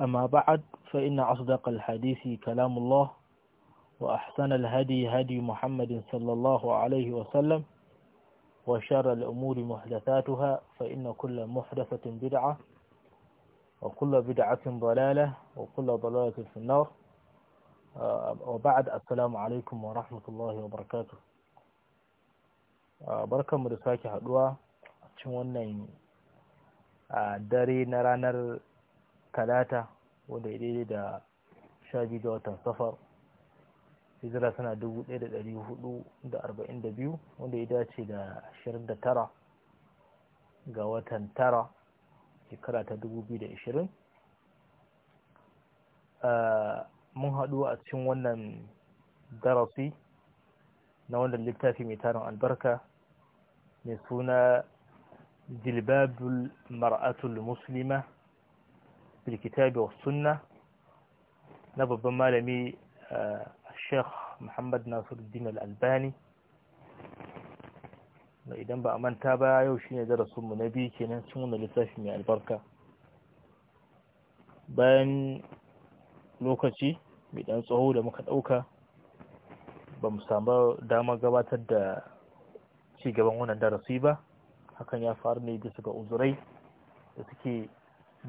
أما بعد فإن أصدق الحديث كلام الله وأحسن الهدي هدي محمد صلى الله عليه وسلم وشر الأمور محدثاتها فإن كل محدثة بدعة وكل بدعة ضلالة وكل ضلالة في النار آه، وبعد السلام عليكم ورحمة الله وبركاته آه، بركة mu da sake داري نرانر talata wanda ya daidai da sha biyu ga watan safar hijira sana dubu ɗaya da ɗari hudu da arba'in da biyu wanda ya dace da ashirin da tara ga watan tara shekara ta dubu biyu da ashirin mun haɗu a cikin wannan darasi na wannan littafi mai tarin albarka mai suna jilbabul mar'atul muslima bilkitabi wa sunna na babban malami sheikh muhammad nasiruddin al'albani da idan ba a manta ba yau shine darasinmu na biyu kenan cin wanda littafi mai albarka bayan lokaci mai dan tsawo da muka dauka ba mu samu dama gabatar da ci gaban wannan darasi ba hakan ya faru ne bisa ga uzurai da suke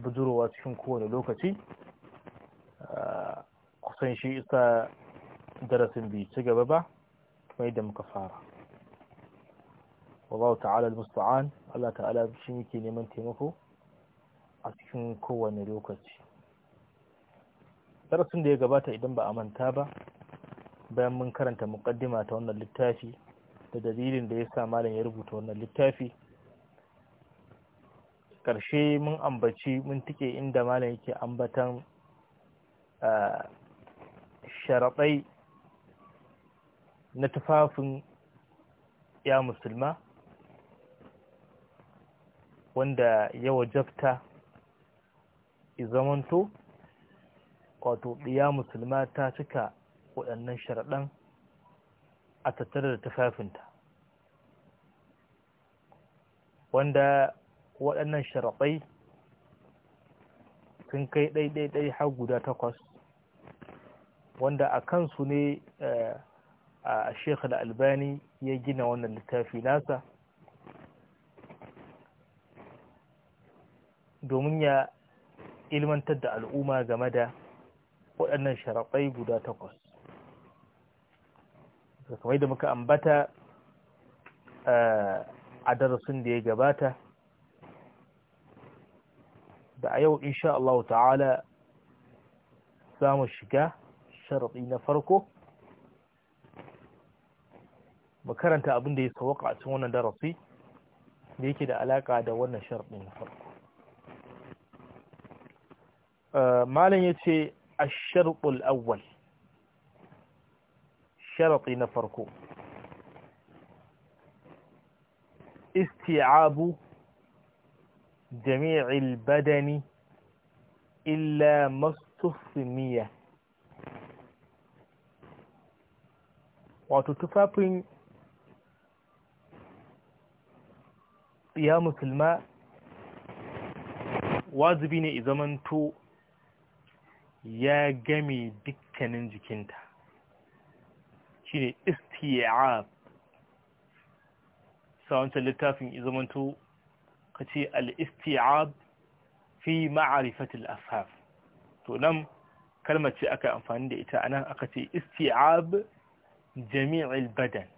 budurowa cikin kowane lokaci ah, kusan shi isa darasin bai ci gaba ba mai da muka fara wallahu ta'ala al-musta'an Allah ta'ala shi yake neman taimako a cikin kowane lokaci darasin da ya gabata idan ba a manta ba bayan mun karanta muqaddima ta wannan littafi da dalilin da ya sa malam ya rubuta wannan littafi ƙarshe mun ambaci mun tike inda malam yake ambatan eh, sharaɗai na tufafin ya musulma wanda ya wajabta izamanto wato ya musulma ta cika waɗannan sharaɗan a tattare da tufafinta wanda waɗannan sharaɓai sun kai ɗaiɗaiɗai har guda takwas wanda a kansu ne eh, a sheikh albani ya gina wannan littafi nasa domin ya ilmantar da al'umma game da waɗannan sharaɓai guda takwas kamar da muka ambata eh, a darasin da ya gabata da a yau insha Allah ta'ala za mu shiga sharaɗi na farko mu karanta abin da ya sauka a cikin wannan darasi da yake da alaƙa da wannan sharaɗi na farko malam ya ce a sharaɗul awwal sharaɗi na farko isti'abu جميع البدن إلا ما استثمية wato tufafin ya musulma wajibi ne izamanto ya game dukkanin jikinta shi ne istiyab sa littafin izamanto ka ce al'isti'ab fi ma'arifatul ashab to nan kalmar ce aka amfani da ita anan aka ce isti'ab jami'il badan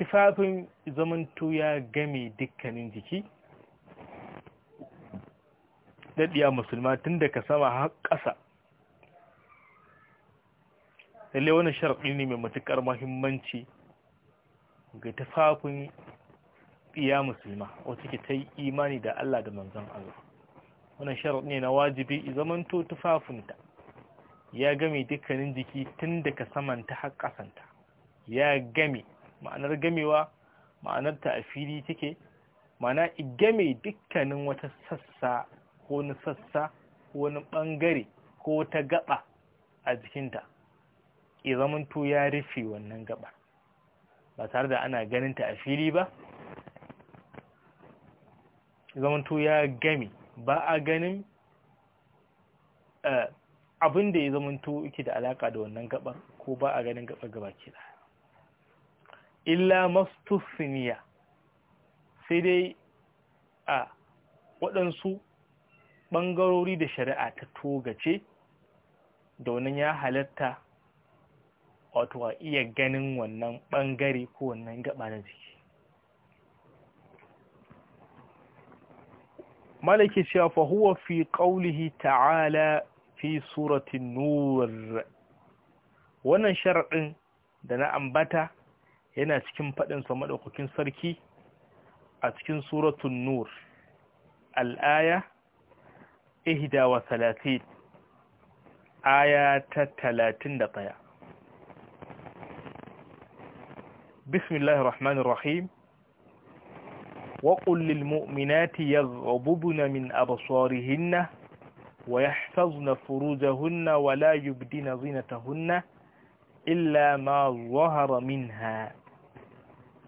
tufafin zamantu ya game dukkanin jiki daɗiya musulma tun da ka sama haƙasa. ƙasa lalle wani sharaɗi ne mai matuƙar mahimmanci ga tufafin iya musulma wata ke ta yi imani da Allah da manzan Allah wannan sharaɗi ne na wajibi zamanto tufafinta ya game dukkanin jiki tun daga saman ta ƙasanta ya game ma'anar gamewa ma'anar ta a fili take ma'ana game dukkanin wata sassa ko wani sassa ko wani ɓangare ko wata gaba a jikinta zamanto ya rufe wannan gaba ba tare da ana ganin ta a fili ba zamanto ya gami ba a ganin eh, abin da ya zamanto yake da alaka da wannan gabar ko ba a ganin gabar gabaki da illa mastusniya sai dai a waɗansu ɓangarori da shari'a ta togace da wannan ya halatta wato a iya ganin wannan ɓangare ko wannan gaba na jiki malaki cewa fa huwa fi qawlihi ta'ala fi surati nur wannan sharadin da na ambata yana cikin fadin sa madaukakin sarki a cikin suratu nur Al'aya aya 31 aya ta 31 بسم الله الرحمن الرحيم وقل للمؤمنات يغضبن من أبصارهن ويحفظن فروجهن ولا يبدين زينتهن إلا ما ظهر منها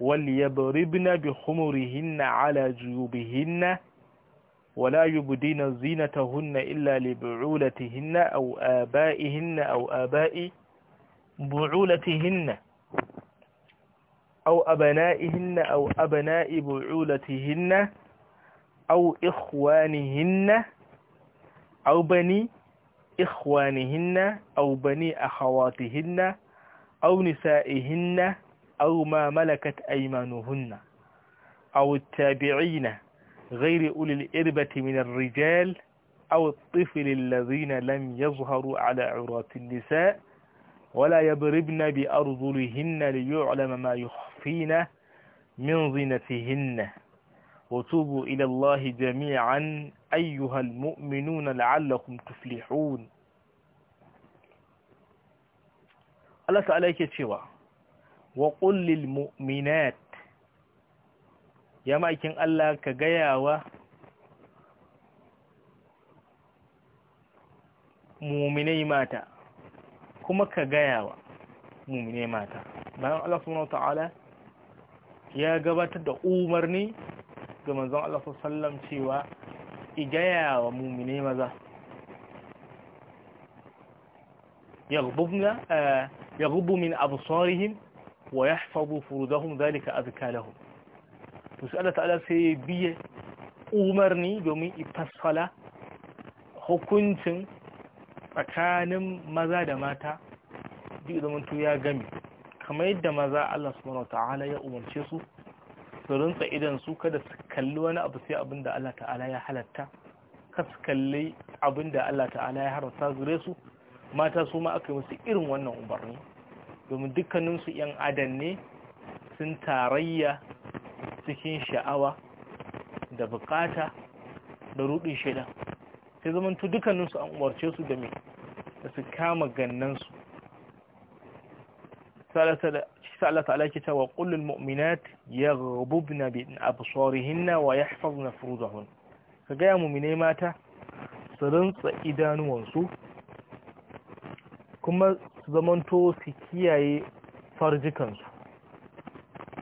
وليضربن بخمرهن على جيوبهن ولا يبدين زينتهن إلا لبعولتهن أو آبائهن أو آباء بعولتهن أو أبنائهن أو أبناء بعولتهن أو إخوانهن أو بني إخوانهن أو بني أخواتهن أو نسائهن أو ما ملكت أيمانهن أو التابعين غير أولي الإربة من الرجال أو الطفل الذين لم يظهروا على عرات النساء ولا يضربن بأرضلهن ليعلم ما يخفى فينا من ظنتهن وتوبوا إلى الله جميعا أيها المؤمنون لعلكم تفلحون ألا تعالى شوى وقل للمؤمنات يا مايكين الله كغياوة muminai mata kuma ka gayawa muminai mata الله سبحانه وتعالى ya gabatar da umarni ga manzon Allah sallam cewa igaya wa mumine maza ya eh, min absarihim wa yahfazu furudahum zalika azka lahum to sai Allah ta'ala sai biye umarni domin ifassala hukuncin tsakanin maza da mata duk zaman tu ya gami kamar yadda maza Allah subhanahu ta'ala ya umarce su su rinsa idan su kada su kalli wani abu sai abin da Allah ta'ala ya halatta ka kalli abin da Allah ta'ala ya haramta zure su mata su ma aka yi musu irin wannan umarni domin dukkaninsu 'yan adan ne sun tarayya cikin sha'awa da bukata da rudin shaidan sai dukkanin dukkaninsu an umarce su da me da su kama gannansu ثلاثة سألت عليك وقل المؤمنات يغضبن بأبصارهن ويحفظن فروضهن فجاء مؤمنين ماتا سرنس إدان وانسو كما زمنتو سكياي فرجكنسو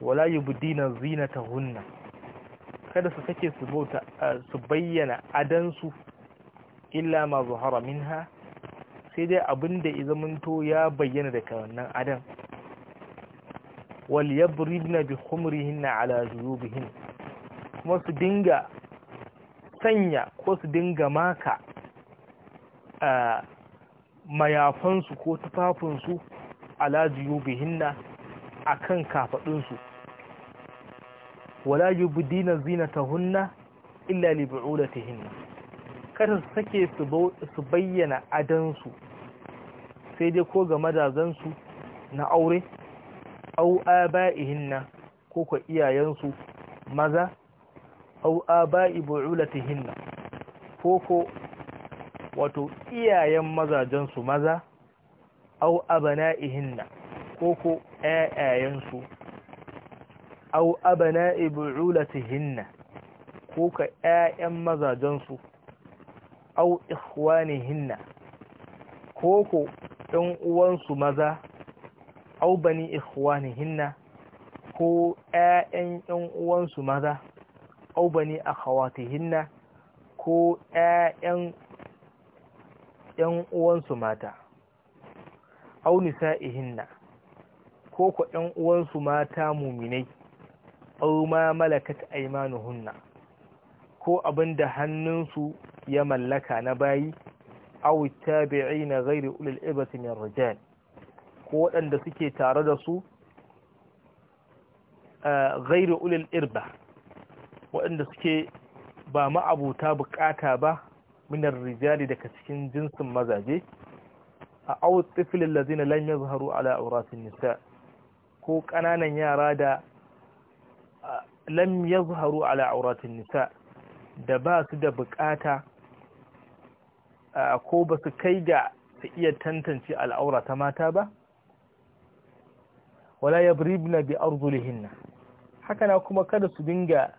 ولا يبدين زينتهن kada su sake su bauta su bayyana adansu illa ma zuhara minha sai dai abinda izamanto ya bayyana daga wannan adan wal yadribna bi khumrihinna ala juyubihin kuma su dinga sanya ko su dinga maka mayafansu ko tufafinsu ala a akan kafaɗunsu wala yubdina zinatahunna illa li bu'ulatihinna kada su sake su bayyana adansu sai dai ko ga madazansu na aure au aba'ihinna ko ko iyayensu maza au aba'i bu'ulatihinna ko ko wato iyayen mazajen su maza au abana'ihinna ko ko ƴaƴayensu au abana'i bu'ulatihinna ko ka mazajen su au ikhwanihinna ko ko ɗan uwansu maza au bani ikhwanihinna ko ƴaƴan ƴan uwansu maza, au bani akhawatihinna ko ‘ya'yan ‘yan uwansu mata, au nisa'ihinna ko ku ƴan uwansu mata muminai, au ma malakat aimanuhunna ko abinda hannunsu ya mallaka na bayi, au tabi'i na gairi ulil ibatin rijal. ko waɗanda suke tare da su eh, gairu ulil irba waɗanda suke ba ma'abuta buƙata ba minar rijali daga cikin jinsin mazaje a awut lazina lan zuharu ala nisa ko ƙananan yara da eh, lam ya ala auratin nisa da ba su da bukata eh, ko ba su kai ga su iya tantance al'aura ta mata ba wala yabribna bi arzulihinna haka na kuma kada su dinga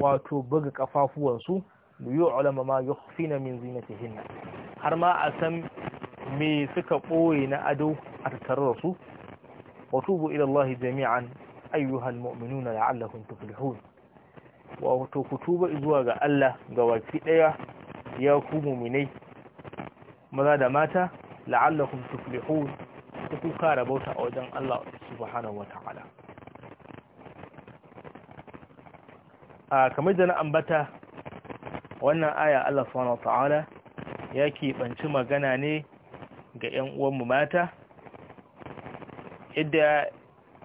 wato buga kafafuwansu da ulama ma na min zinatihinna har ma a san me suka ɓoye na ado a tattarar su watubu ila Allah jami'an ayyuhal mu'minuna la'allakum tuflihun wato ku tuba zuwa ga Allah ga waki daya ya ku mu'minai maza da mata la'allakum tuflihun ta kuka bauta a wajen Allah subhanahu wa ta'ala a kamar da na ambata wannan aya Allah subhanahu wa ta'ala ya keɓanci magana ne ga 'yan uwanmu mata yadda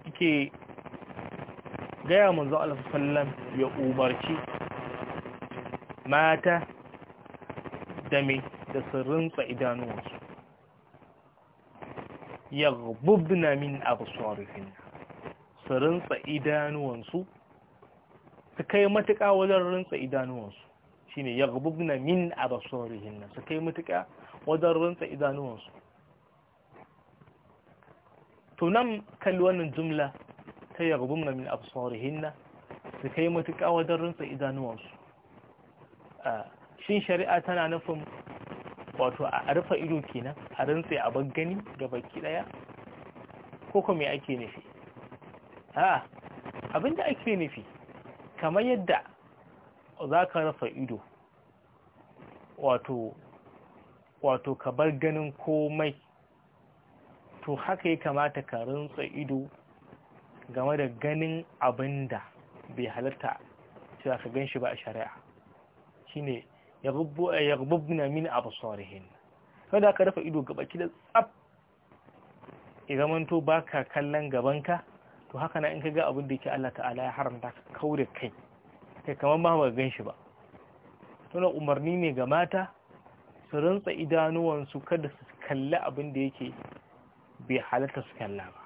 yake gaya manzo Allah sallam ya umarci mata da me da sirrin rinsa idanuwansu yaghdubna min absarihin su rinsa idanuwansu su kai matuƙa wajen rinsa idanuwansu ne yaghdubna min na su kai matuƙa wajen rinsa idanuwansu to nan kalli wannan jumla ta yaghdubna min na su kai matuƙa wajen rinsa idanuwansu shin shari'a tana nufin wato a rufe ido kenan a rantse a gani ga baki daya ko kuma ake nufi a abinda ake nufi kamar yadda za ka rufe ido wato wato ka bar ganin komai to haka ya kamata ka rantsa ido game da ganin abinda bai halatta cewa ka gan shi ba a shari'a shine yagbubbuna eh, min absarihin kada ka dafa ido gaba ki da tsaf idan manto baka kallon gabanka to haka na in ka ga abin da yake Allah ta'ala ya haramta ka kaure kai kai kamar ba ba gan shi ba tana umarni ne ga mata su rantsa idanuwansu kada su kalli abin da yake bai halatta su kalla ba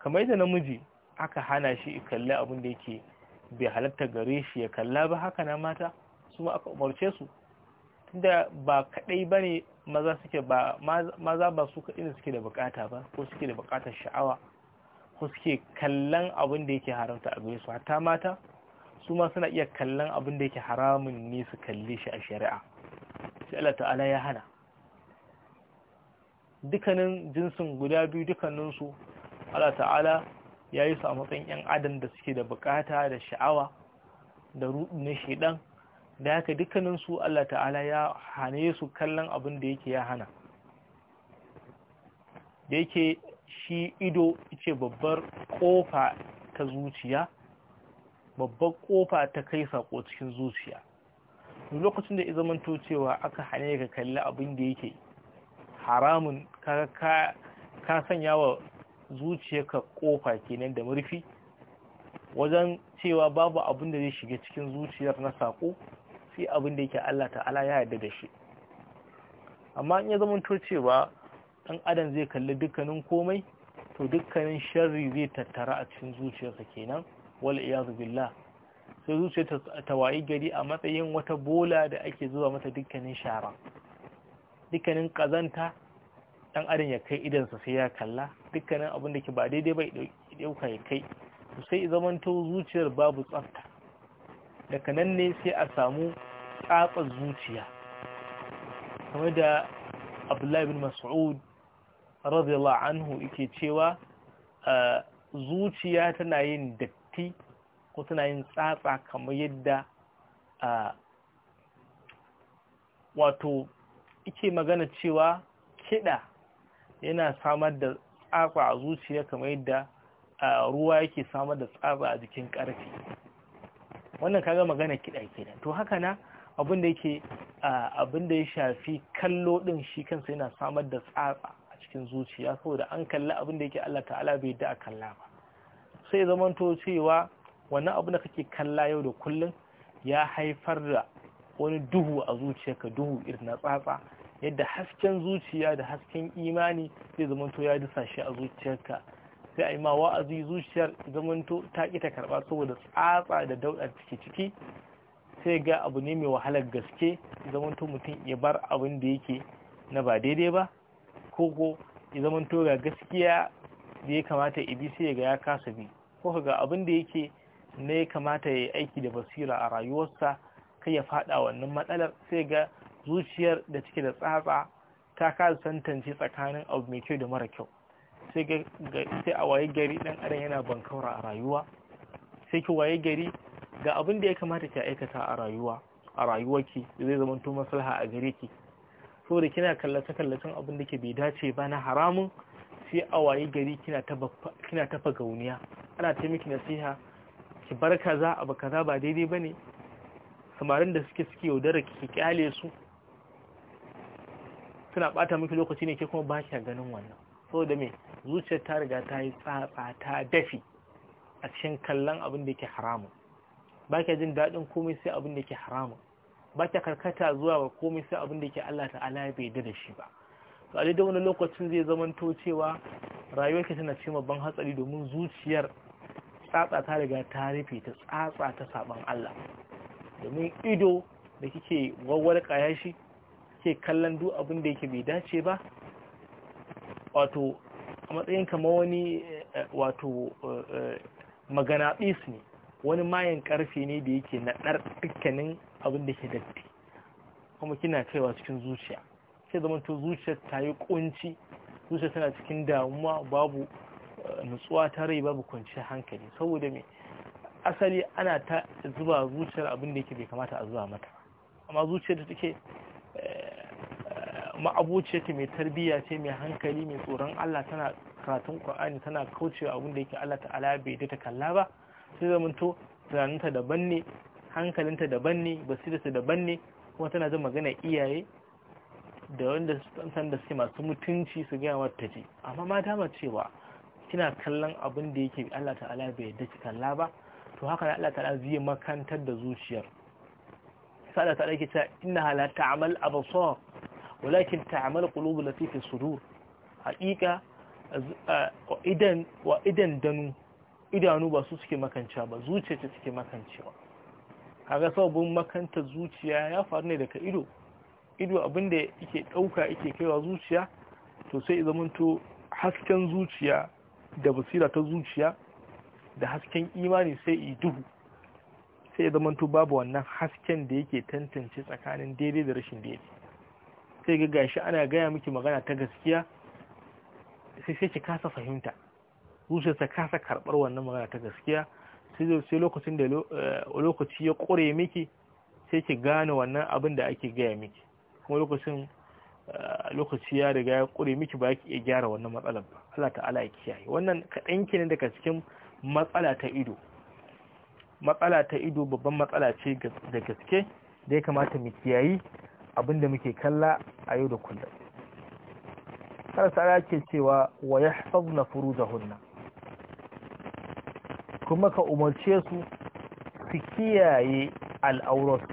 kamar yadda namiji aka hana shi kalli abin da yake bai halatta gare shi ya kalla ba haka na mata su aka umarce su tunda ba kadai bane maza suke ba maza ba su kadai suke da bukata ba ko suke da bukatar sha'awa ko suke kallon abin da yake haramta a gare su hatta mata su ma suna iya kallon abin da yake haramun ne su kalle shi a shari'a sai Allah ta'ala ya hana dukanin jinsin guda biyu su Allah ta'ala ya yi su a matsayin 'yan adam da suke da bukata da sha'awa da rudu na shaidan da haka dukkanin su Allah ta'ala ya hane su kallon abin da yake ya hana da yake shi ido ce babbar kofa ta zuciya babbar kofa ta kai sako cikin zuciya lokacin da to cewa aka hane ka kalli abin da yake haramun ka sanya wa zuciyarka kofa kenan da murfi wajen cewa babu abin da zai shiga cikin zuciyar na sako sai abin da yake Allah ta'ala ya yarda da shi amma in ya zama cewa dan adam zai kalli dukkanin komai to dukkanin sharri zai tattara a cikin zuciyarsa kenan wal iyaz billah sai zuciya ta wayi gari a matsayin wata bola da ake zuwa mata dukkanin shara dukkanin kazanta dan adam ya kai idansa sai ya kalla dukkanin abin da ke ba daidai bai dauka ya kai sai zamanto zuciyar babu tsafta daga nan ne sai a samu tsatsar zuciya kamar da abdullahi bin mas'ud radiyallahu anhu yake cewa zuciya tana yin datti ko tana yin tsatsa kamar yadda wato ike magana cewa kiɗa yana samar da tsatsa a zuciya kamar yadda ruwa yake samar da tsatsa a jikin ƙarfi wannan kaga magana kiɗa kiɗa to haka na abin da yake abin da ya shafi kallo din shi kansa yana samar da tsatsa a cikin zuciya saboda an kalli abin da yake Allah ta'ala bai da a kalla ba sai zamanto cewa wannan abu da kake kalla yau da kullum ya haifar da wani duhu a zuciyarka duhu irin na tsatsa yadda hasken zuciya da hasken imani zai zamanto ya dusa shi a zuciyarka sai a yi ma wa'azi zuciyar zamanto ta ƙi ta karɓa saboda tsatsa da daular ciki ciki sai ga abu ne mai wahalar gaske zamanto mutum ya bar abin da yake na ba daidai ba ko ko ya zamanto ga gaskiya da ya kamata ya bi sai ga ya kasa bi ko ga abin da yake ne ya kamata ya yi aiki da basira a rayuwarsa kai ya faɗa wannan matsalar sai ga zuciyar da cike da tsatsa ta kasa tantance tsakanin abu mai kyau da mara kyau sai a waye gari ɗan adam yana bankaura a rayuwa sai ki waye gari ga abin da ya kamata ki aikata a rayuwa a rayuwarki da zai zama tun maslaha a gare ki saboda kina kallace kallacen abin da ke bai dace ba na haramun sai a waye gari kina tafa gauniya ana taimaki miki nasiha ki bar kaza abu kaza ba daidai bane samarin da suke suke yaudara ki kyale su suna bata miki lokaci ne ke kuma ba ganin wannan so da me zuciyar ta riga ta yi tsatsa ta dafi a cikin kallon abin da yake haramun ba ka jin daɗin komai sai abin da yake haramun ba ka karkata zuwa ga komai sai abin da yake Allah ta'ala ya bai da shi ba to a daidai wani lokacin zai zamanto cewa rayuwarki tana cikin babban hatsari domin zuciyar tsatsa ta riga ta rufe ta tsatsa ta saban Allah domin ido da kike wawwar kaya shi ke kallon duk abin da yake bai dace ba wato a matsayin kama wani eh, eh, wato eh, maganaɗis ne wani mayan ƙarfe ne da yake naɗar dukkanin abin da ke datti kuma kina kaiwa cikin zuciya sai zama to zuciyar ta yi ƙunci zuciya tana cikin damuwa babu nutsuwa ta rai babu kwanciyar hankali saboda mai asali ana ta zuba zuciyar abin da yake bai kamata a zuwa mata amma zuciyar da take ma'abuciya ce mai tarbiyya ce mai hankali mai tsoron Allah tana karatun Qur'ani tana kaucewa abin da yake Allah ta'ala bai da ta kalla ba sai to tunaninta daban ne hankalinta daban ne basirarta daban ne kuma tana zama magana iyaye da wanda san da suke masu mutunci su gaya mata ji amma ma dama cewa kina kallon abin da yake Allah ta'ala bai da ki kalla ba to haka Allah ta'ala zai makantar da zuciyar sai Allah ta'ala yake cewa inna la amal abasar walakin تعمل قلوب التي في sudur حقيقة وإذن wa idan danu idanu ba su suke makancewa ba zuciya ce suke makancewa kaga sabon makanta zuciya ya faru ne daga ido ido abinda yake dauka yake kaiwa zuciya to sai zamanto hasken zuciya da basira ta zuciya da hasken imani sai i duhu sai zamanto babu wannan hasken da yake tantance tsakanin daidai da rashin daidai sai ga gashi ana gaya miki magana ta gaskiya sai sai ki kasa fahimta zuciyarsa kasa karbar wannan magana ta gaskiya sai lokacin da eh, lokaci ya kore miki sai ki gane wannan abin da ake gaya miki kuma lokacin eh, lokaci ya riga ya miki ba ki iya gyara wannan matsalar ba Allah ta'ala ya kiyaye wannan kaɗan ne daga cikin matsala ta ido matsala ta ido babban matsala ce da gaske da ya kamata mu kiyaye. abin da muke kalla a yau da kullum har ala ke cewa wa ya na furu hunna kuma ka umarce su su kiyaye al'aurat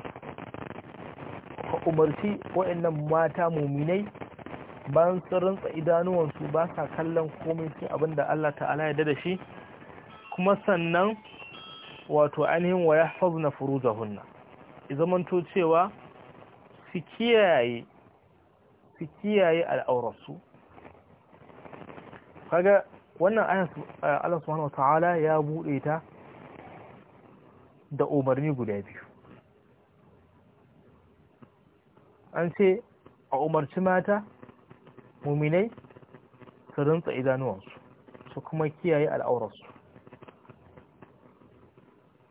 ka umarci waɗannan mata muminai bayan sun idanuwansu ba sa kallon komai sai abin Allah ta'ala ya da shi kuma sannan wato ainihin wa ya na furu hunna izamanto cewa su kiyaye su kiyaye al'aurarsu kaga wannan ayan eh, Allah subhanahu wataala ya bude ta da umarni guda biyu an ce a umarci mata muminai su rintsa idanuwansu su kuma kiyaye al'aurarsu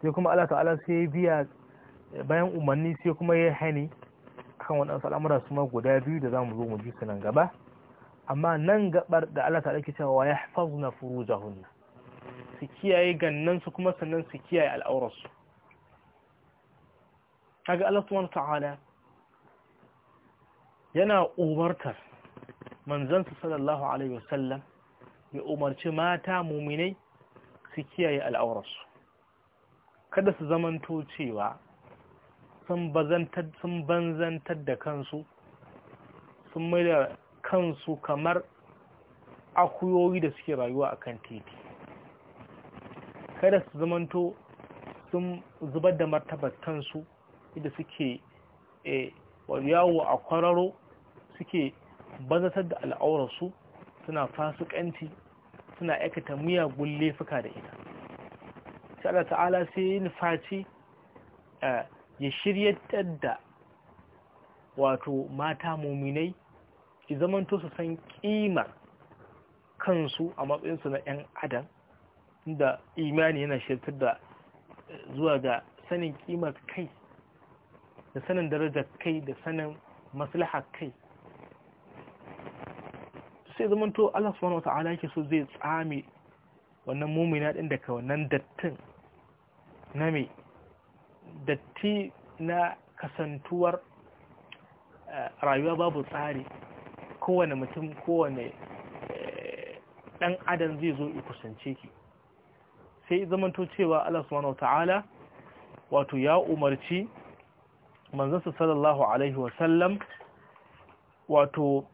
sai kuma Allah ta'ala sai biya bayan umarni sai kuma ya hani Kan waɗansu al'amura su ma guda biyu da za mu zo mu ji su nan gaba amma nan gabar da Allah ta ɗauki cewa ya hafazu na furujahunna su kiyaye gannan su kuma sannan su kiyaye al'aurarsu kaga Allah subhanahu ta'ala yana umartar manzansa sallallahu alaihi wasallam ya umarci mata muminai su kiyaye al'aurarsu kada su zamanto cewa sun banzantar da kansu sun mai da kansu kamar akuyoyi da suke rayuwa a kan titi kada su zamanto sun zubar da martabar kansu inda suke e, yawo a kwararo suke banzantar da al'aurarsu suna fasikanci suna aikata miyagun laifuka da ita sai ta'ala sai yin faci e, ya shiryatar da wato mata muminai ki zamanto su san kimar kansu a matsayinsu na 'yan adam da imani yana shirtar da zuwa ga sanin kimar kai da sanin darajar kai da sanin maslahar kai sai zamanto Allah subhanahu ta'ala yake so zai tsame wannan mumina din daga wannan dattin na mai datti na kasantuwar eh, rayuwa babu tsari kowane mutum kowane dan eh, adam zai zo ya kusance ki sai zamanto cewa Allah subhanahu ta'ala wato ya umarci manzansa sallallahu alaihi wa sallam, wato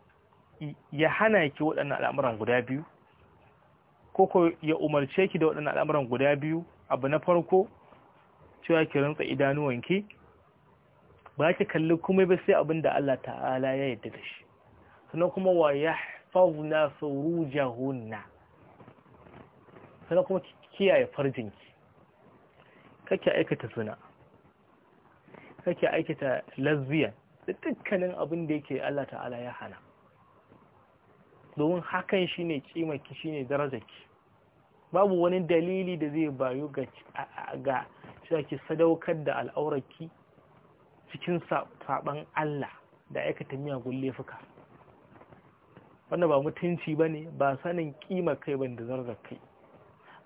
ya hana ki waɗannan al'amuran guda biyu Koko ya umarce ki da waɗannan al'amuran guda biyu abu na farko cewa ki rantsa idanuwanki ba ki kalli kuma ba sai abin da Allah ta'ala ya yarda da shi sannan kuma wa sauru furujahunna sannan kuma ki kiyaye farjinki kake aikata suna kake aikata lazziya da dukkanin abin da yake Allah ta'ala ya hana domin hakan shine kimarki shine darajarki babu wani dalili da zai bayu ga cewa ki sadaukar da al'aurarki cikin saɓan Allah da aikata miyagun laifuka wanda ba mutunci ba ne ba sanin ƙima kai ban da zarzar kai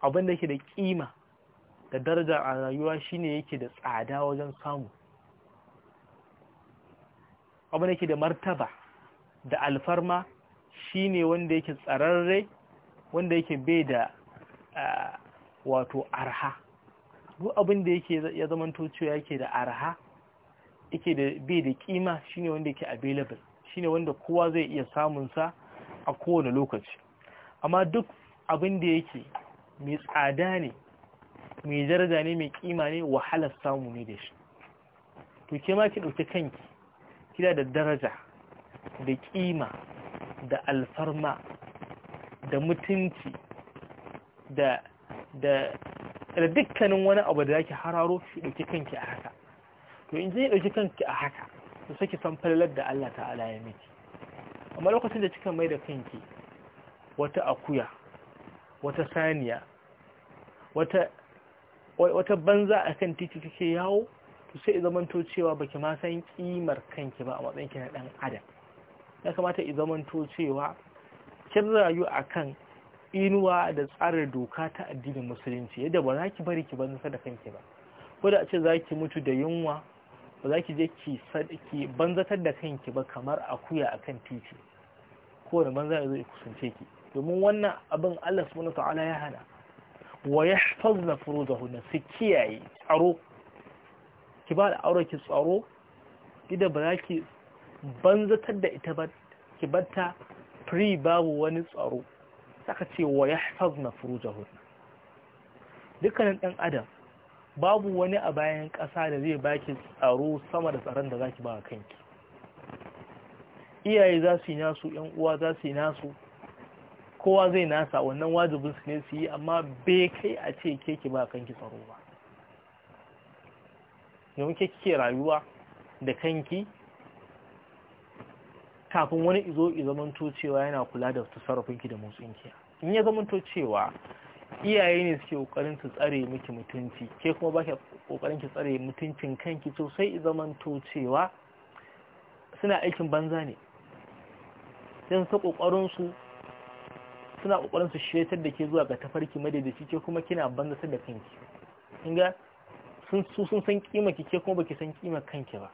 abin da ke da ƙima da daraja a rayuwa shine yake da tsada wajen samu abin da ke da martaba da alfarma shine wanda yake tsararre wanda yake bai da eh, wato arha duk abin da yake ya zamanto cewa yake da arha yake da bai da kima shine wanda yake available shine wanda kowa zai iya samun sa a kowane lokaci amma duk abin da yake mai tsada ne mai daraja ne mai kima ne wahalar samu ne da shi to ke ma ki dauki kanki kida da daraja da kima da alfarma da mutunci da da dukkanin wani abu da zaki hararo shi dauki kanki a haka to in je dauki kanki a haka to saki san fallar da Allah ta'ala ya miki amma lokacin da kika mai da kanki wata akuya wata saniya wata wata banza akan titi kike yawo to sai zamanto cewa baki ma san kimar kanki ba a matsayin ki na dan adam ya kamata i zamanto cewa kin rayu akan inuwa da tsarin doka ta addinin musulunci yadda ba za ki bari ki banza da kanki ba ko da a ce za ki mutu da yunwa ba za ki je ki banzatar da kanki ba kamar akuya akan titi da banza ya zo ya kusance ki domin wannan abin Allah subhanahu ta'ala ya hana wa yahfazna furujahunna su kiyaye tsaro ki ba da aure ki tsaro idan ba za ki banzatar da ita ba ki batta free babu wani tsaro saka ce wa ya na furujahu dukkanin ɗan adam babu wani a bayan ƙasa da zai baki tsaro sama da tsaron da zaki ba a kanki iyaye za su yi nasu ‘yan uwa za su yi nasu kowa zai nasa wannan wajibin su ne su yi amma bai kai a ce ke ki ba a kanki tsaro ba ke ke rayuwa da kanki kafin wani izo i cewa yana kula da tasarrufinki da motsinki in ya zamanto cewa iyaye ne suke kokarin su tsare miki mutunci ke kuma ba kokarin ki tsare mutuncin kanki sosai i cewa suna aikin banza ne dan su kokarin su suna kokarin su shetar da ke zuwa ga tafarki madadaci ke kuma kina banza da kanki kinga sun sun san kima ki ke kuma baki san kima kanki ba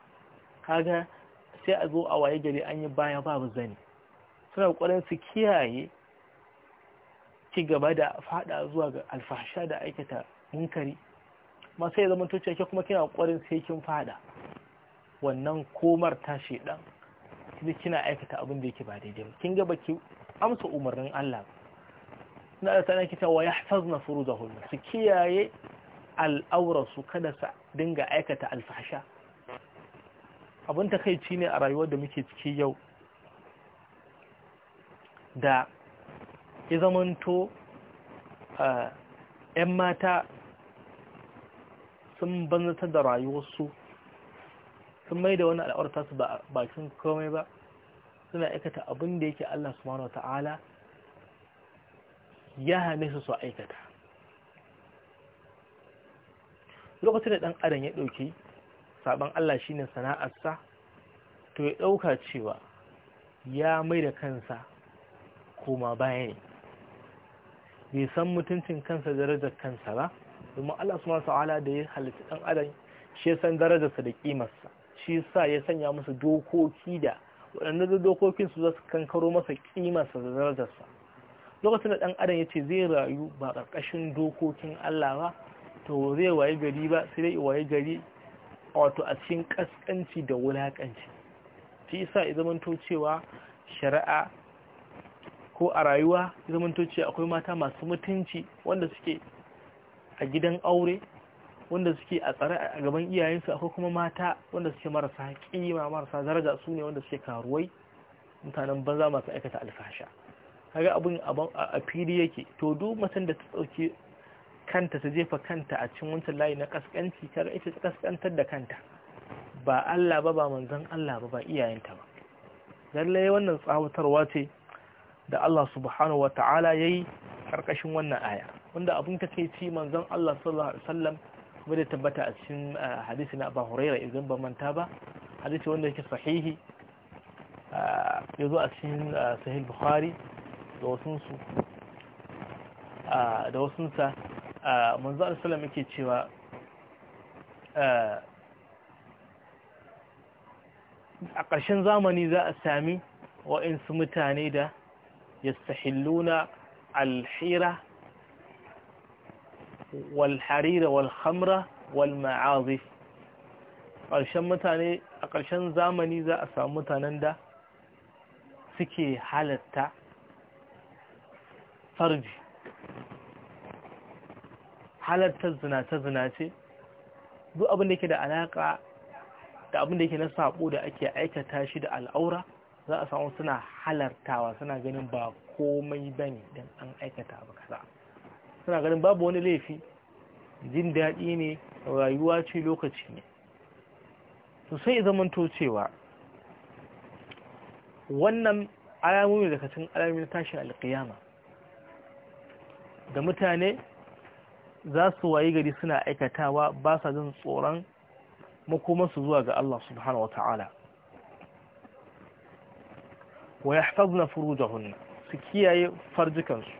kaga sai a zo a waye gari an yi baya babu zani suna ƙwarar su kiyaye ci gaba da fada zuwa ga alfasha da aikata munkari ma sai zama tuce ke kuma kina ƙwarin sai kin fada wannan komar ta shedan kina kina aikata abin da yake ba daidai ba kin ga baki amsa umarnin Allah na da sanar kita wa yahfazna furujahum su kiyaye al'aurarsu kada su dinga aikata alfasha abin takaici ne a rayuwar da muke ciki yau da ya zamanto ‘yan mata sun banzata da rayuwarsu sun mai da wani al'aurata su bakin komai ba suna aikata abin da yake Allah subhanahu ta'ala ya hane su su aikata lokacin da ɗan adam ya ɗauki saban Allah shine sana'arsa to ya ɗauka cewa ya mai da kansa koma baya bai san mutuncin kansa darajar kansa ba domin Allah su masu ala da ya halitta ɗan adam shi san darajarsa da ƙimarsa shi sa ya sanya musu dokoki da waɗannan dokokin su za su kankaro masa ƙimarsa da darajarsa lokacin da ɗan adam ya ce zai rayu ba ƙarƙashin dokokin Allah ba to zai waye gari ba sai dai waye gari wato a cikin kaskanci da wulakanci shi yasa ya zamanto cewa shari'a ko a rayuwa ya zamanto cewa akwai mata masu mutunci wanda suke a gidan aure wanda suke a tsare a gaban iyayensu akwai kuma mata wanda suke marasa kima marasa daraja su ne wanda suke karuwai mutanen banza masu aikata alfasha kaga abin a fili yake to duk matan da ta dauke kanta ta jefa kanta a cikin wancan layi na kaskanci kar ita ta kaskantar da kanta ba Allah ba ba manzon Allah ba ba iyayenta ba lalle wannan tsawatarwa ce da Allah subhanahu wata'ala yayi karkashin wannan aya wanda abun take kai ci manzon Allah sallallahu alaihi wasallam kuma tabbata a cikin eh, hadisi na Abu Hurairah idan ba manta ba hadisi wanda yake sahihi eh, yazo a cikin eh, sahih Bukhari da da wasunsa manzo alisalam yake cewa a ƙarshen zamani za a sami wa'insu mutane da yastahilluna alhira walharira walhamra walma'azif ƙarshen mutane a ƙarshen zamani za a sami mutanen da suke halatta farji halartar zinace-zinace duk abin da yake da alaƙa da abin da yake na sabo da ake aikata shi da al'aura za a samu suna halartawa suna ganin ba komai ba ne don an aikata ba kaza suna ganin babu wani laifi jin daɗi ne rayuwa ce lokaci ne sosai to cewa wannan alamomi daga cikin alamomi tashin alƙiyama da mutane za su wayi gari suna aikatawa ba sa jin tsoron makomansu zuwa ga Allah subhanahu wa ta'ala wa da furujahunna su kiyaye farjikansu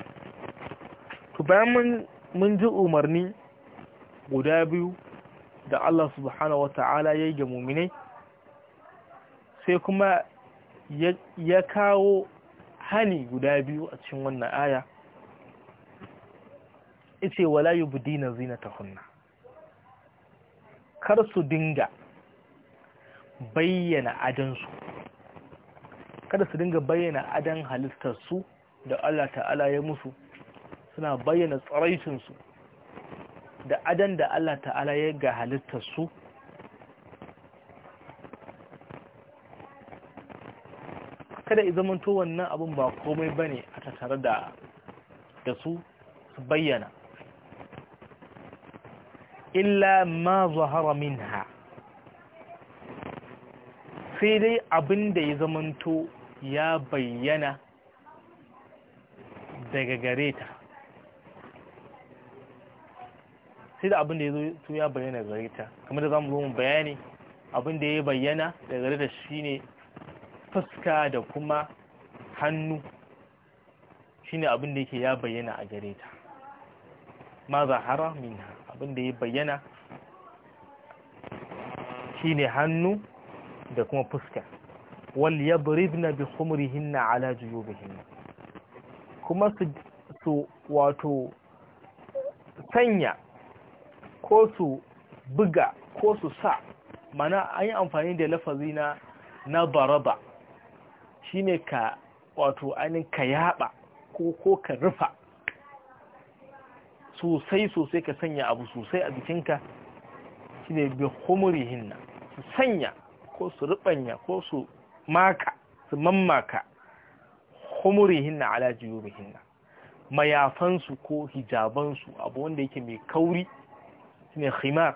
to bayan mun ji umarni guda biyu da Allah subhanahu wa ta'ala ya yi ga muminai sai kuma ya kawo hani guda biyu a cikin wannan aya ice wala ta hunna kar su dinga bayyana adansu kada su dinga bayyana adan halittarsu da Allah ta'ala ya musu suna bayyana tsaraicinsu da adan da Allah ta'ala ya ga halittarsu kada izamanto wannan abin ba komai bane a tattare da su bayyana illa ma zahara minha sai dai abin da ya zamanto ya bayyana daga gare ta sai da abin da ya zo ya bayyana gare ta kamar da za mu zo mu bayani abin da ya bayyana daga gare ta shine fuska da kuma hannu shine abin da yake ya bayyana a gare ta ma zahara minha da ya bayyana shi ne hannu da kuma fuska wal na bi na ala juyubihinna kuma su wato sanya ko su buga ko su sa mana an yi amfani da lafazi na na baraba shine ka wato ainihin ka yaba ko ka rufa sosai sosai ka sanya abu sosai a jikinka shi ne bi humurihin na su sanya ko su rubanya ko su maka su mammaka humurihin na ala na mayafansu ko hijabansu abu wanda yake mai kauri shi ne khimar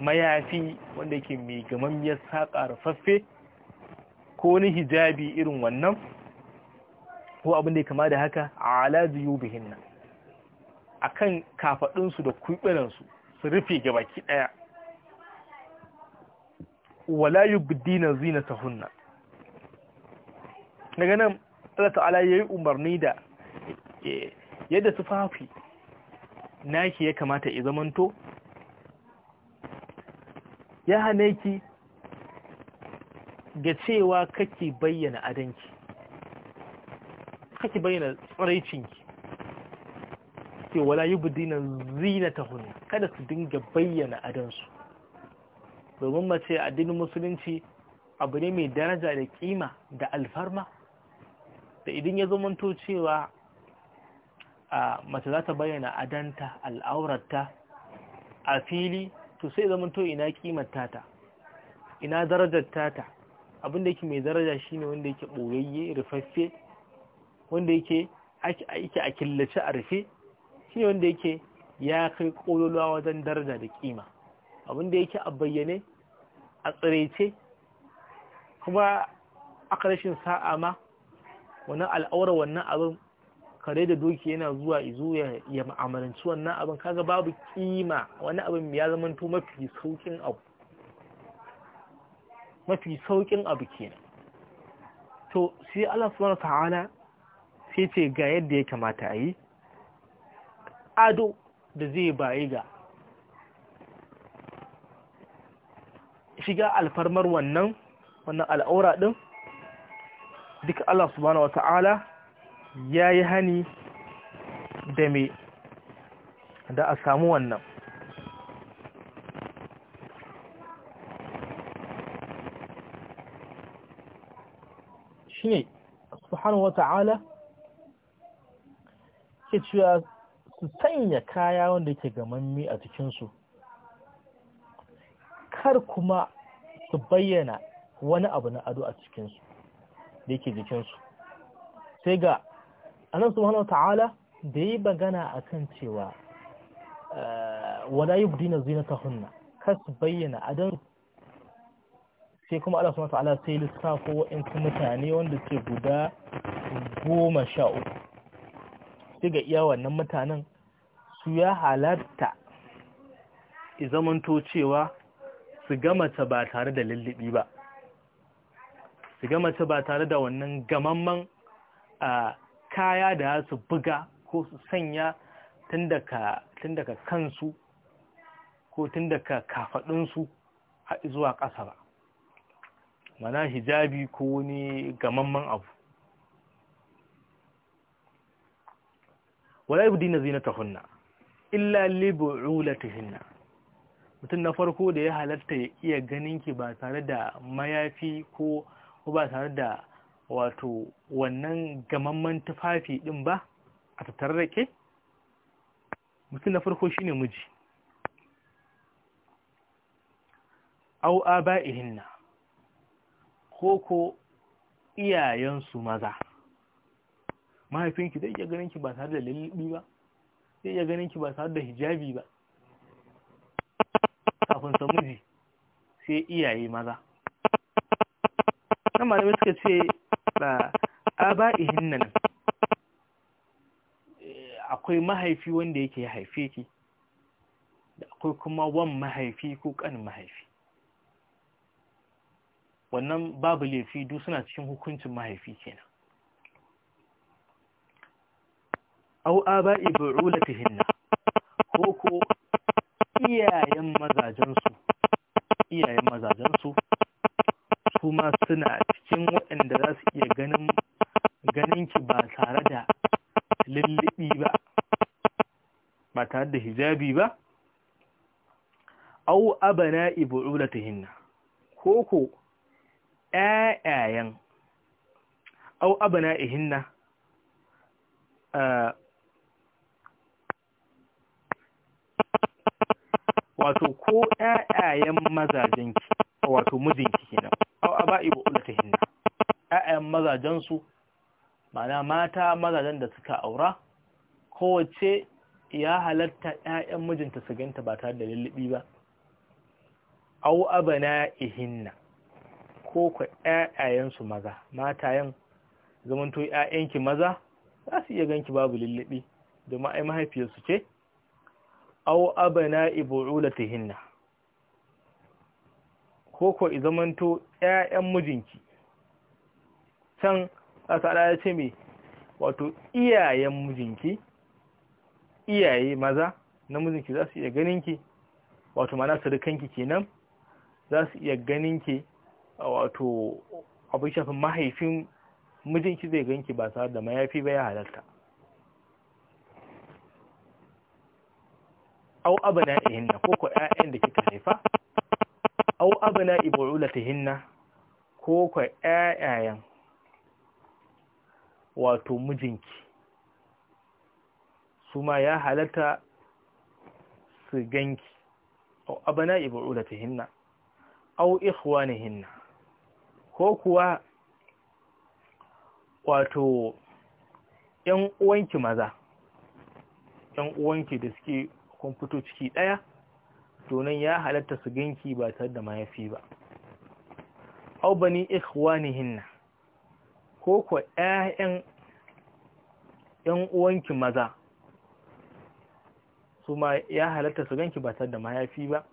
mayafi wanda yake mai gamammiyar saƙa rufaffe ko wani hijabi irin wannan ko abin da ya kama da haka ala jiyubihin na a kan kafaɗinsu da kuɓinansu su rufe ga baki ɗaya wala ta hunna daga nan Allah ta'ala yi umarni da e, yadda tufafi naki ya kamata ya zamanto ya hane ki ga cewa kake bayyana adanki kake bayyana tsaraicinki ce wala zinata hunu kada su dinga bayyana adansu domin mace addinin musulunci abu ne mai daraja da kima da alfarma da idin ya zamanto cewa a mace za ta bayyana adanta al'aurarta a fili to sai zamanto ina kimar tata ina darajar tata abinda yake mai daraja shine wanda yake ɓoyayye, rufaffe wanda yake aiki a killace a rufe shi ne wanda yake ya kai ƙololuwa wajen daraja da ƙima abinda yake a bayyane a tsirece kuma a rashin sa'a ma wannan al'aura wannan abin kare da doki yana zuwa izu ya ma'amalanci wannan abin kaga babu ƙima wani abin ya zama to mafi saukin abu mafi saukin kenan to sai Allah subhanahu ta'ala sai ce ga yadda ya kamata a yi ado da zai bayi ga shiga alfarmar wannan wannan al'aura ɗin duka Allah subhanahu wa ta'ala ya yi hani da me da a samu wannan shi ne subhanahu wa ta'ala ke cewa su sanya kaya wanda yake gamanmi a jikinsu kar kuma su bayyana wani abu na ado a cikinsu da yake jikinsu sai ga su subhanahu ta'ala da yi magana a kan cewa eh, wala yi zina ta hunna kar su bayyana adon sai kuma Allah subhanahu ta'ala sai lissafo wa'in mutane wanda ke guda goma sha uku ce ga iya wannan mutanen su ya halatta izamanto cewa su ta ba tare da lullubi ba su ta ba tare da wannan gamamman a kaya da su buga ko su sanya tun daga kansu ko tun daga kafaɗinsu zuwa ƙasa ba mana hijabi ko wani gamamman abu wala yubdina zinatahunna illa ta hinna. mutum na farko da ya halatta ya iya ganin ki ba tare da mayafi ko ba tare da wato wannan gamamman tufafi din ba a tattare da ke mutum na farko shi ne miji au aba'ihinna ko ko iyayensu maza mahaifinki zai iya ganin ki ba tare da lullubi ba zai iya ganin ki ba tare da hijabi ba kafin samuji miji sai iyaye maza nan malamai suka ce ba a ba ihin nan eh, akwai mahaifi wanda yake ya haife ki da akwai kuma wan mahaifi ko kan mahaifi wannan babu laifi duk suna cikin hukuncin mahaifi kenan au aba'i bu'ulatihinna ko ko iyayen mazajensu iyayen mazajensu su kuma suna cikin waɗanda za su iya ganin ganinki ba tare da lullubi ba ba tare da hijabi ba au abana bu'ulatihinna ko ko ƴaƴayen au abana ihinna ah, wato ko ƴaƴayen mazajen ki wato mijinki kenan aw aba'i hinna. ƴaƴayen mazajen su ma'ana mata mazajen da suka aura kowace ya halatta ƴaƴan mijinta su ganta ba tare da lullubi ba aw ihinna ko ku ƴaƴayen su maza matayen zamanto ƴaƴanki maza za su iya ganki babu lullubi domin ai mahaifiyarsu ce aw abna'i bu'ulatihinna ko ko izamanto ƴaƴan mijinki can asala ya ce me wato iyayen mijinki iyaye maza na mijinki za su iya ganinki wato mana surukanki kenan za su iya ganinki wato abin shafin mahaifin mijinki zai ganki ba tare da mayafi ba ya halarta au abna'ihinna ko ko ƴaƴan da kika haifa au abna'i bu'ulatihinna ko ko ƴaƴayen wato mijinki su ma ya halatta su ganki au abna'i bu'ulatihinna au ikhwanihinna ko kuwa wato ƴan uwanki maza, ƴan uwanki da suke kun fito ciki ɗaya to nan ya halatta su ganki ba tare da mahaifi ba au bani ikhwanihinna ko ko ƴaƴan ƴan uwanki maza su ma ya halatta su ganki ba tare da mahaifi ba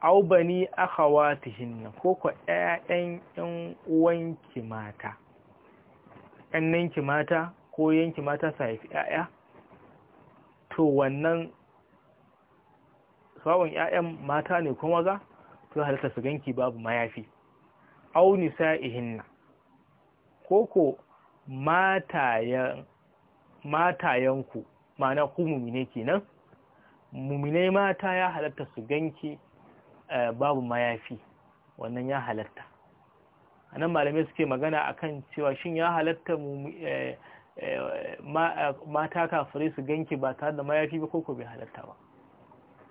au bani akhawatihinna ko ko ƴaƴan ƴan uwanki mata nanki mata ko yanki mata su haifi ƴaƴa to wannan sawon ƴaƴan mata ne kuma za to halatta su ganki babu mayafi aw nisa'ihinna koko matayan matayanku mana ku mumine kenan mumine mata ya halatta su ganki babu mayafi wannan ya halatta anan malamai suke magana akan cewa shin ya halatta eh, mata kafirai su ganki ba tare da mayafi ba koko bai halarta ba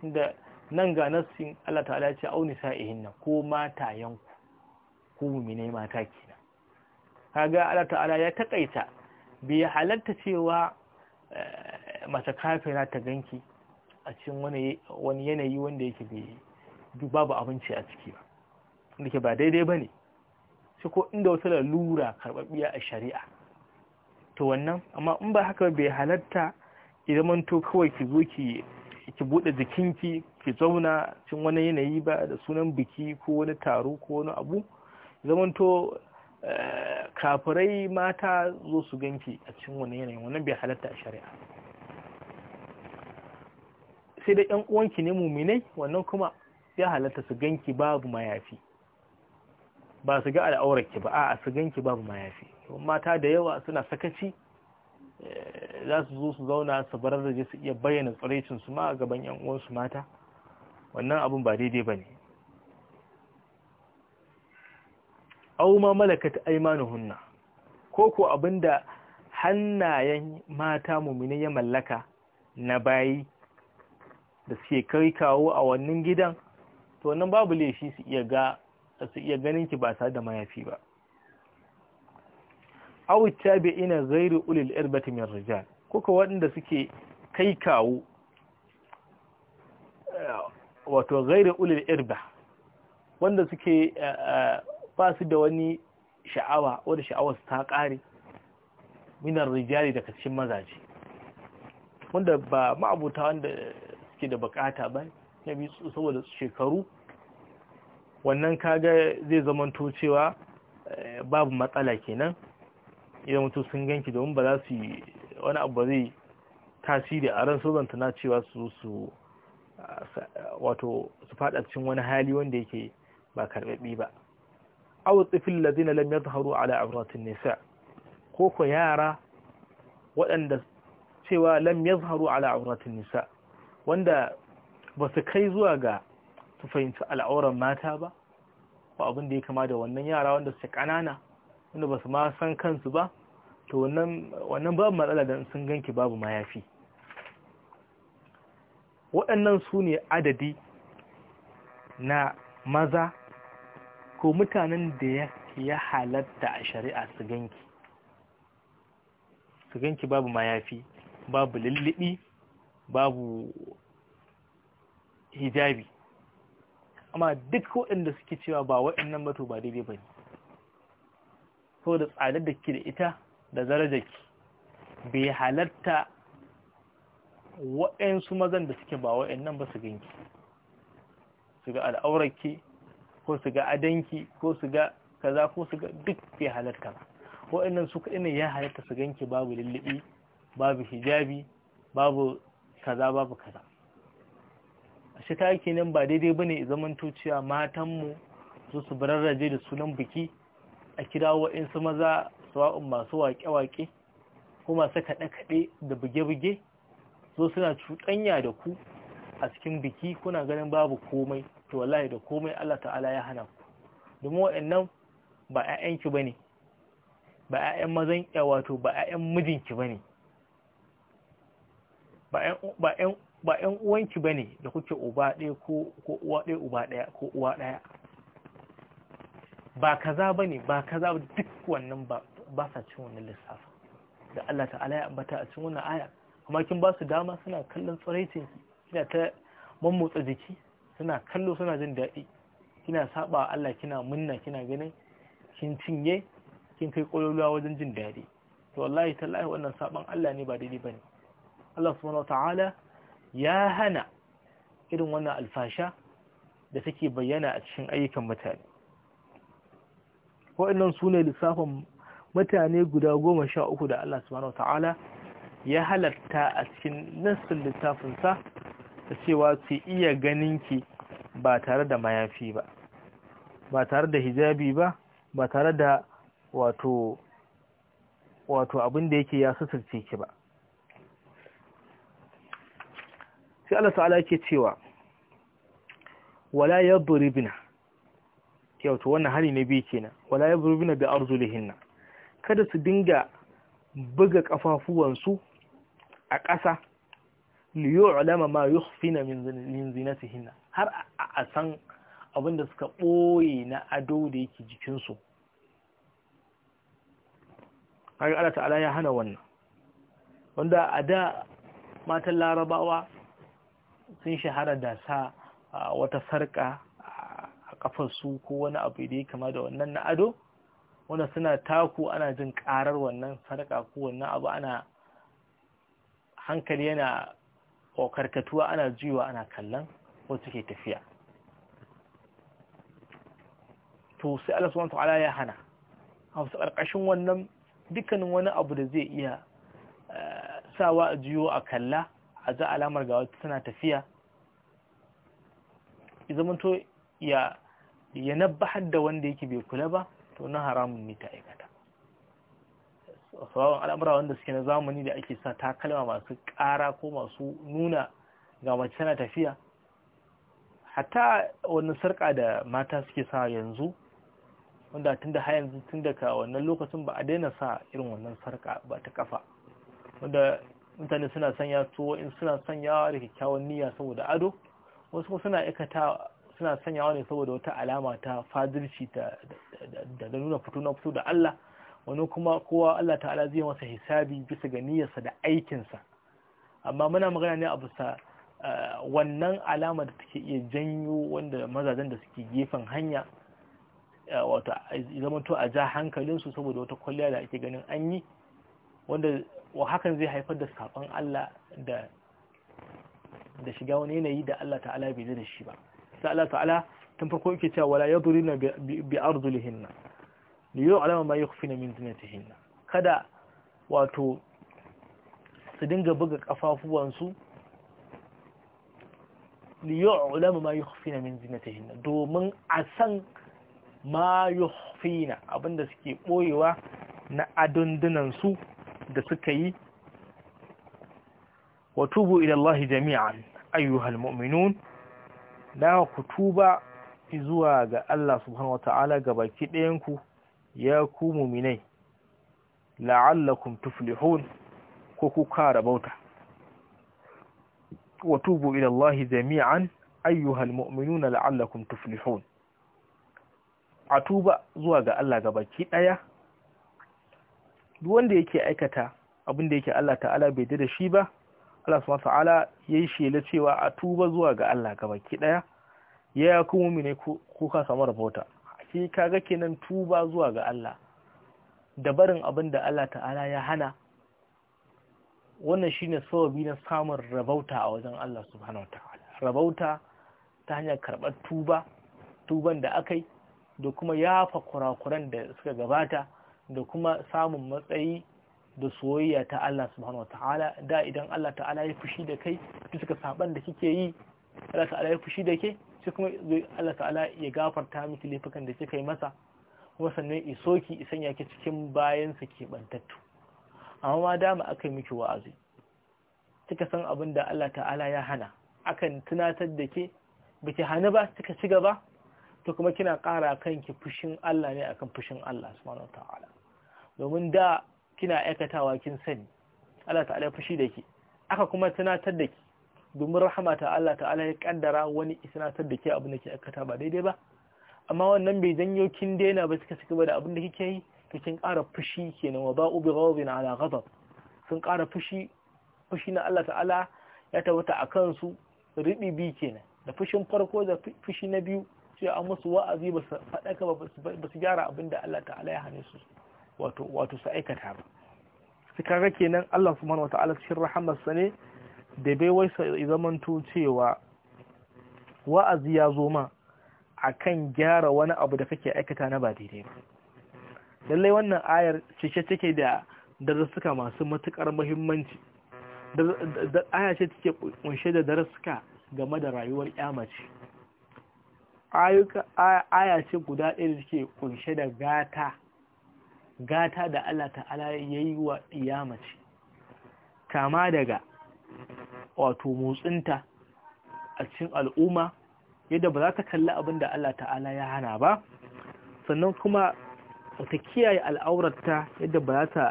da nan ga nassin Allah ta'ala ce auni sa'ihin nan ko mata yanku ko mumine mata kenan kaga Allah ta'ala ya takaita bai halarta cewa eh, mace kafira ta ganki a cikin wani wani yanayi wanda yake bai babu abinci a ciki ba ke ba daidai bane shi ko inda wata lura karbabbiya a shari'a to wannan amma in ba haka bai halatta ki zaman to kawai ki zo ki ki bude jikinki ki zauna cin wani yanayi ba da sunan biki ko wani taro ko wani abu zaman to eh, kafirai mata zo su ganki a cikin wani yanayi wannan bai halatta a shari'a sai da yan uwanki ne muminai wannan kuma ya halatta su ganki babu mayafi ba su ga al'aurarki ba a'a su ganki babu mayafi mata da yawa suna sakaci eh, za su zo su zauna su barar da su iya bayyana su ma a gaban yan uwansu mata wannan abun ba daidai ba ne au ma aimanu hunna, ko ko abinda hannayen mata mumine ya mallaka na bayi da suke kai kawo a wannan gidan to wannan babu laifi su iya ga su iya ganin ki ba tare da mayafi ba aw ina zairu ulil irbati min rijal kuka waɗanda suke kai kawo eh, wato zairu ulil irba wanda suke eh, ba da wani sha'awa wadda sha'awar ta kare minar rijali daga cikin mazaje wanda ba ma'abuta wanda suke da bukata ba ya bi saboda shekaru wannan kaga zai zamanto cewa eh, babu matsala kenan ya mutu sun ganki domin ba za su yi wani abu zai tasiri a ran sozanta na cewa su su wato su fada wani hali wanda yake ba karbabbi ba awu tsifil ladina lam yadhharu ala awratin nisa ko ko yara waɗanda cewa lam yadhharu ala awratin nisa wanda ba su kai zuwa ga su fahimci al'auran mata ba ko abin da ya kama da wannan yara wanda su kanana wanda ba su ma san kansu ba to wannan babu matsala dan sun ganki babu mayafi waɗannan su ne adadi na maza ko mutanen da ya halatta a shari'a su ganki su ganki babu mayafi babu lullubi babu hijabi amma duk waɗanda suke cewa ba waɗannan mato ba daidai ba ne saboda tsadar da ke da ita da zarajaki bai halatta waɗansu mazan da suke ba waɗannan ba su ganki su ga al'aurarki ko su ga adanki ko su ga kaza ko su ga duk bai halatta ba waɗannan su kaɗai ne ya halatta su ganki babu lullubi babu hijabi babu kaza babu kaza a shi kake nan ba daidai ba ne zaman tuciya matanmu su su bararraje da sunan biki a kira waɗansu maza sawa'un masu waƙe-waƙe ko masu kaɗe-kaɗe da buge-buge zo suna cuɗanya da ku a cikin biki kuna ganin babu komai to wallahi da komai Allah ta'ala ya hana ku domin waɗannan ba 'ya'yanki bane ba 'ya'yan mazan wato ba 'ya'yan mijinki bane ba 'yan ba ‘yan uwanki ba ne da kuke uba ɗaya ko uwa ɗaya uba ɗaya ko uwa ɗaya ba kaza ba ne ba kaza duk wannan ba ba sa cin wannan lissafin da Allah ta'ala ya ambata a cin wannan aya amma kin ba su dama suna kallon tsaraicin kina ta mammotsa jiki suna kallo suna jin daɗi kina saba Allah kina munna kina ganin kin cinye kin kai kololuwa wajen jin daɗi to wallahi tallahi wannan saban Allah ne ba daidai bane Allah subhanahu wataala ya hana irin wannan alfasha da take bayyana a cikin ayyukan mutane waɗannan su ne lissafin mutane guda goma sha uku da Allah subhanahu ta'ala ya halatta a cikin nassin littafinsa da cewa su iya ganinki ba tare da mayafi ba ba tare da hijabi ba ba tare da wato wato abin da yake ya suturce ki ba sai Allah ta'ala yake cewa wala yadribna kyautu wannan hari na biyu kenan wala yadribna bi arzulihinna kada su dinga buga kafafuwansu a ƙasa liyu'lama ma fina min hinna har a san abin da suka ɓoye na ado da yake jikinsu har Allah ta'ala ya hana wannan wanda a da matan larabawa sun shahara da sa wata sarƙa a ƙafarsu ko wani abu da ya kama da wannan na ado wanda suna taku ana jin karar wannan sadaka ko wannan abu ana hankali yana karkatuwa ana jiwa ana kallon ko ke tafiya to sai Allah subhanahu ta'ala ya hana a wasu ƙarƙashin wannan dukkanin wani abu da zai iya eh, sawa a jiyo a kalla a za alamar ga wata suna tafiya izamanto ya ya nabbahar da wanda yake bai kula ba to na haramun ne ta aikata sauran al'amura wanda suke na zamani da ake sa takalma masu ƙara ko masu nuna ga mace tana tafiya hatta wannan sarƙa da mata suke sa yanzu wanda tun da yanzu tun daga wannan lokacin ba a daina sa irin wannan sarƙa ba ta kafa wanda mutane suna sanya tuwo in suna sanyawa da kyakkyawan niyya saboda ado wasu suna aikata suna sanyawa ne saboda wata alama ta fadirci da nuna fito na fito da Allah wani kuma kowa Allah ta'ala zai masa hisabi bisa ga niyyarsa da aikinsa amma muna magana ne a bisa eh, wannan alama da take iya janyo wanda mazajen da suke gefen hanya eh, wato zamanto a ja hankalinsu saboda wata kwalliya da ake ganin an yi wanda hakan zai haifar da saƙon Allah da shiga wani yanayi da Allah ta'ala bai da shi ba sai Allah ta'ala tun farko yake cewa wala yadurina bi ardulihinna li yu'lama ma yukhfina min zinatihinna kada wato su dinga buga kafafuwansu li yu'lama ma yukhfina min zinatihinna domin a san ma yukhfina abinda suke boyewa na adundunan su da suka yi wa tubu ila Allah jami'an ayyuhal mu'minun dawa ku tuba zuwa ga Allah subhanahu wata'ala ga baki ɗayanku ya ku muminai la'allakum tuflihun ko ku kara bauta wa tubu ila Allah jami'an ayyuhal mu'minuna la'allakum tuflihun a tuba zuwa ga Allah ga baki ɗaya duk wanda yake aikata abinda yake Allah ta'ala bai da shi ba Allah subhanahu ta'ala yayi shela cewa a tuba zuwa ga Allah baki daya ya kuma mine ko ka samu rahota shi kaga kenan tuba zuwa ga Allah da barin abin da Allah ta'ala ya hana wannan shine sababi na samun rabauta a wajen Allah subhanahu ta'ala rabauta ta hanyar karɓar tuba tuban da aka yi da kuma yafa kurakuran da suka gabata da kuma samun matsayi da soyayya ta Allah subhanahu wataala da idan Allah ta'ala ya fushi da kai suka saban da kike yi Allah ta'ala ya fushi da ke sai kuma Allah ta'ala ya gafarta miki laifukan da kika masa kuma sannan iso ki isanya ki cikin bayansa ke bantattu amma ma dama aka miki wa'azi kika san abin da Allah ta'ala ya hana akan tunatar da ke baki hana ba kika ci gaba to kuma kina ƙara kanki fushin Allah ne akan fushin Allah subhanahu wataala domin da kina aikatawa kin sani Allah ta'ala ya fushi da ke. aka kuma tunatar da ke domin rahama ta Allah ta'ala ya kaddara wani tunatar da ke abin da ke aikata ba daidai ba amma wannan bai janyo kin daina ba suka ba da abin da kike yi to kin ƙara fushi kenan wa ba'u bi ghadabin ala ghadab sun ƙara fushi fushi na Allah ta'ala ya tabbata a kansu ribi bi kenan da fushin farko da fushi na biyu sai an musu wa'azi ba su faɗaka ba su gyara abin da Allah ta'ala ya hane su wato su aikata ba su kaga kenan Allah subhanahu wata'ala cikin rahamarsa ne da bai wai sa zamanto cewa wa'azi ya zo ma kan gyara wani abu da kake aikata na ba daidai ba lallai wannan ayar cike take da darussuka masu matukar muhimmanci da aya ce take kunshe da darussuka game da rayuwar ayuka aya ce guda ɗaya da take kunshe da gata gata da Allah ta'ala ya yi wa ɗiyamaci kama daga wato motsinta a cikin al'umma yadda ba za ta kalli abin da Allah ta'ala ya hana ba sannan kuma ta kiyaye al'aurarta yadda ba za ta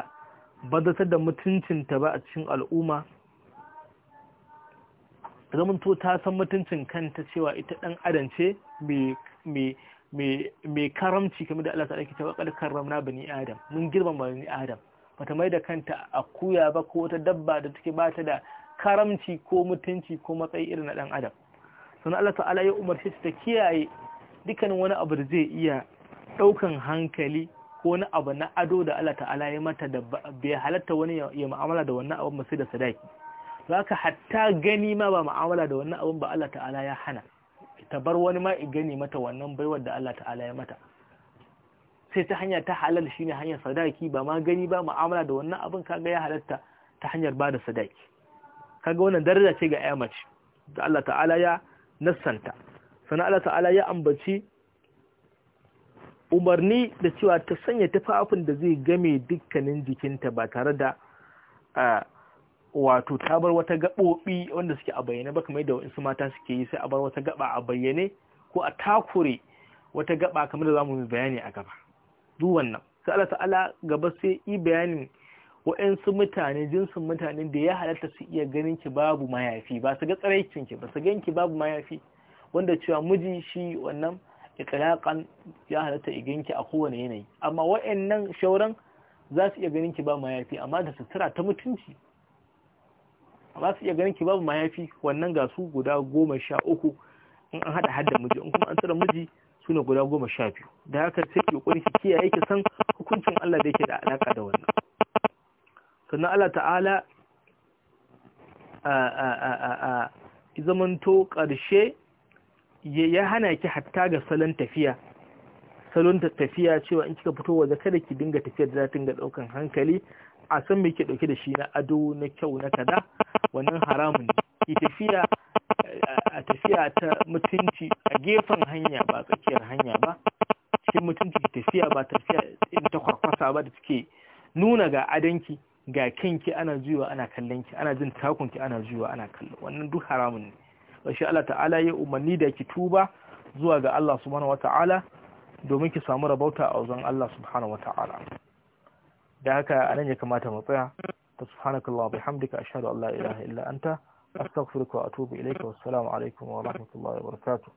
bazatar da mutuncinta ba a cikin al'umma zamanto ta san mutuncin kanta cewa ita ɗan adance mai mai karamci kamar da Allah ta ake cewa kada karramna bani adam mun girmama bani adam bata mai da kanta a akuya ba ko wata dabba da take bata da karamci ko mutunci ko matsayi irin na dan adam sannan Allah ta'ala ya umarce ta kiyaye dukkanin wani abu da zai iya daukan hankali ko wani abu na ado da Allah ta'ala ya mata da bai halatta wani ya mu'amala da wannan abun ba sai da sadaki zaka hatta gani ma ba mu'amala da wannan abun ba Allah ta'ala ya hana ta bar wani ma gani mata wannan baiwar da Allah ta'ala ya mata sai ta hanya ta halal shine hanyar sadaki ba ma gani ba mu'amala da wannan abin kaga ya halatta ta hanyar ba da sadaki kaga wannan daraja ce ga ya mace da Allah ta'ala ya nassanta sannan Allah ta'ala ya ambaci umarni da cewa ta sanya tufafin da zai game dukkanin jikinta ba tare da ah, wato ta bar wata gaɓoɓi wanda suke a bayyane ba kamar yadda su mata suke yi sai a bar wata gaɓa a bayyane ko a takure wata gaɓa kamar da za mu bayani a gaba duk wannan sai Allah ta'ala gaba sai yi bayanin wa'yansu mutane jinsin mutane da ya halatta su iya ganin ki babu mayafi ba su ga tsaraikin ki ba su gan ki babu mayafi wanda cewa miji shi wannan ikalaƙan ya halatta igan ki a kowane yanayi amma wa'annan shauran za su iya ganin ki babu mayafi amma da sutura ta mutunci ba su iya ganin ki babu mayafi wannan ga su guda goma sha uku in an haɗa hadda miji in kuma an tsira miji su ne guda goma sha biyu da haka sai ki kokari ki kiyaye ki san hukuncin Allah da yake da alaka da wannan sannan Allah ta'ala a a a a ƙarshe ya hana ki hatta ga salon tafiya salon tafiya cewa in kika fito waje kada ki dinga tafiya da zatin ga daukan hankali a san me ke dauke da shi na ado na kyau na kada wannan haramun ne ki tafiya a tafiya ta mutunci a gefen hanya ba tsakiyar hanya ba cikin mutunci ki tafiya ba tafiya in ta kwakwasa ba da take nuna ga adanki ga kanki ana juyawa ana kallon ki ana jin takunki ana juyawa ana kallo wannan duk haramun ne bashi Allah ta'ala ya umarni da ki tuba zuwa ga Allah subhanahu wata'ala domin ki samu rabauta a wajen Allah subhanahu wata'ala da haka anan ya kamata mu tsaya ta subhanakallah bihamdika ashhadu an la ilaha illa anta astaghfiruka wa atubu ilayka wassalamu alaikum wa rahmatullahi wa barakatuh